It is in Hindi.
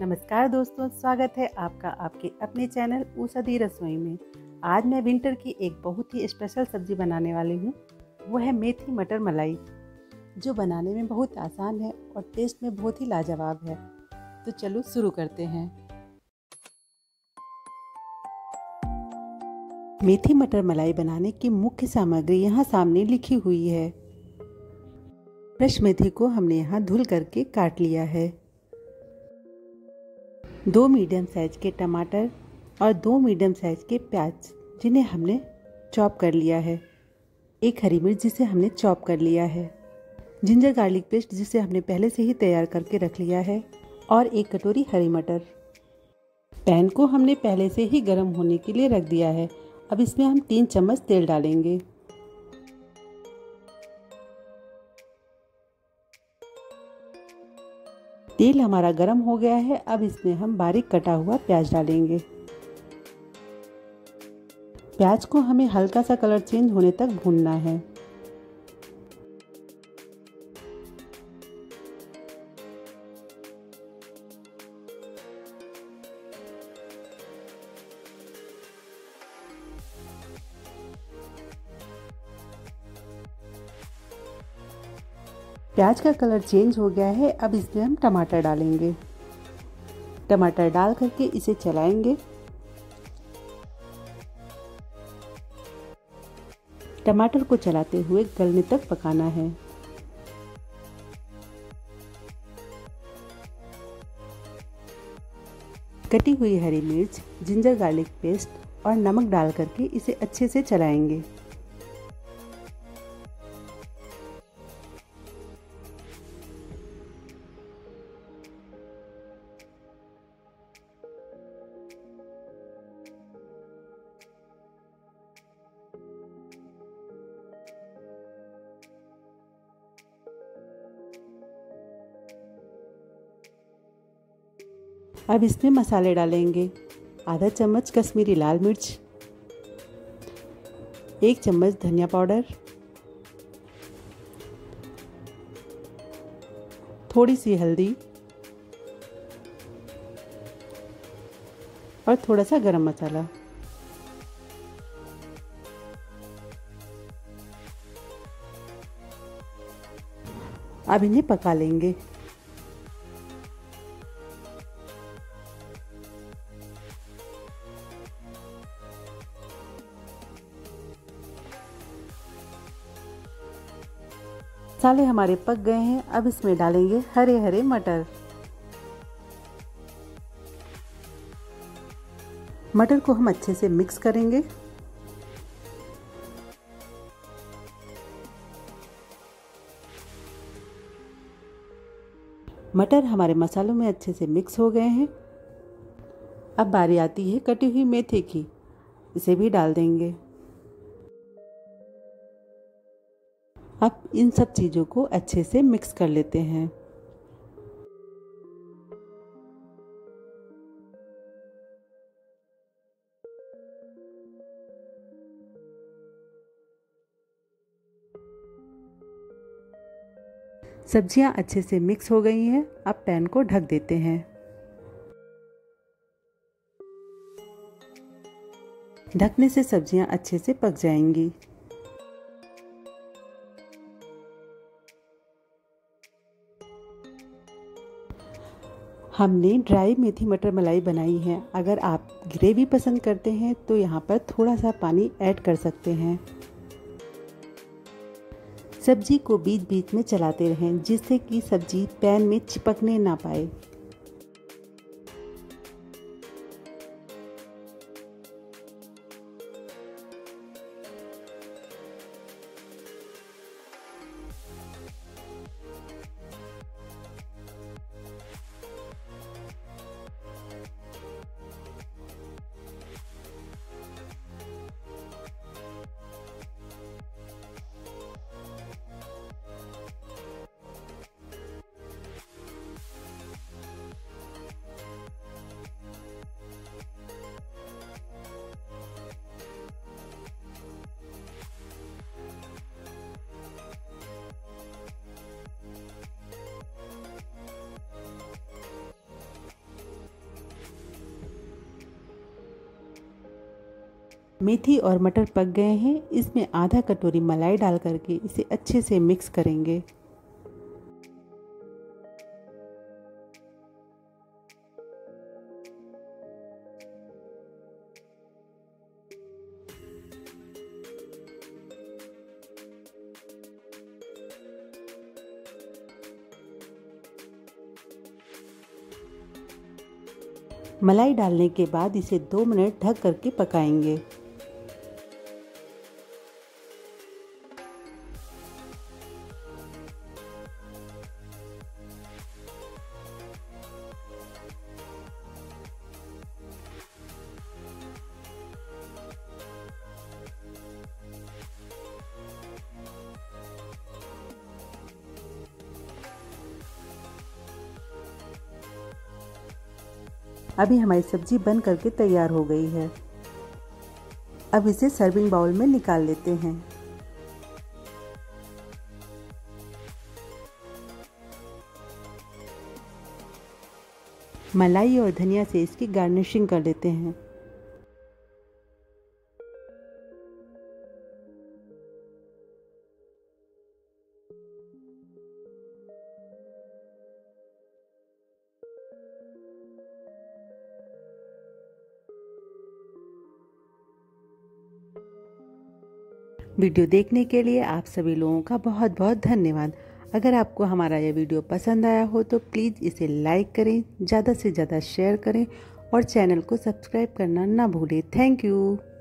नमस्कार दोस्तों स्वागत है आपका आपके अपने चैनल ऊसदी रसोई में आज मैं विंटर की एक बहुत ही स्पेशल सब्जी बनाने वाली हूँ वो है मेथी मटर मलाई जो बनाने में बहुत आसान है और टेस्ट में बहुत ही लाजवाब है तो चलो शुरू करते हैं मेथी मटर मलाई बनाने की मुख्य सामग्री यहाँ सामने लिखी हुई है फ्रेश मेथी को हमने यहाँ धुल करके काट लिया है दो मीडियम साइज़ के टमाटर और दो मीडियम साइज़ के प्याज जिन्हें हमने चॉप कर लिया है एक हरी मिर्च जिसे हमने चॉप कर लिया है जिंजर गार्लिक पेस्ट जिसे हमने पहले से ही तैयार करके रख लिया है और एक कटोरी हरी मटर पैन को हमने पहले से ही गर्म होने के लिए रख दिया है अब इसमें हम तीन चम्मच तेल डालेंगे तेल हमारा गर्म हो गया है अब इसमें हम बारीक कटा हुआ प्याज डालेंगे प्याज को हमें हल्का सा कलर चेंज होने तक भूनना है प्याज का कलर चेंज हो गया है अब इसमें हम टमाटर डालेंगे टमाटर डाल करके इसे चलाएंगे टमाटर को चलाते हुए गलने तक पकाना है कटी हुई हरी मिर्च जिंजर गार्लिक पेस्ट और नमक डाल करके इसे अच्छे से चलाएंगे अब इसमें मसाले डालेंगे आधा चम्मच कश्मीरी लाल मिर्च एक चम्मच धनिया पाउडर थोड़ी सी हल्दी और थोड़ा सा गरम मसाला अब इन्हें पका लेंगे मसाले हमारे पक गए हैं अब इसमें डालेंगे हरे हरे मटर मटर को हम अच्छे से मिक्स करेंगे मटर हमारे मसालों में अच्छे से मिक्स हो गए हैं अब बारी आती है कटी हुई मेथी की इसे भी डाल देंगे अब इन सब चीज़ों को अच्छे से मिक्स कर लेते हैं सब्जियां अच्छे से मिक्स हो गई हैं अब पैन को ढक देते हैं ढकने से सब्जियां अच्छे से पक जाएंगी हमने ड्राई मेथी मटर मलाई बनाई है अगर आप ग्रेवी पसंद करते हैं तो यहाँ पर थोड़ा सा पानी ऐड कर सकते हैं सब्जी को बीच बीच में चलाते रहें जिससे कि सब्जी पैन में चिपकने ना पाए मेथी और मटर पक गए हैं इसमें आधा कटोरी मलाई डाल करके इसे अच्छे से मिक्स करेंगे मलाई डालने के बाद इसे दो मिनट ढक करके पकाएंगे अभी हमारी सब्जी बन करके तैयार हो गई है अब इसे सर्विंग बाउल में निकाल लेते हैं मलाई और धनिया से इसकी गार्निशिंग कर लेते हैं वीडियो देखने के लिए आप सभी लोगों का बहुत बहुत धन्यवाद अगर आपको हमारा यह वीडियो पसंद आया हो तो प्लीज़ इसे लाइक करें ज़्यादा से ज़्यादा शेयर करें और चैनल को सब्सक्राइब करना ना भूलें थैंक यू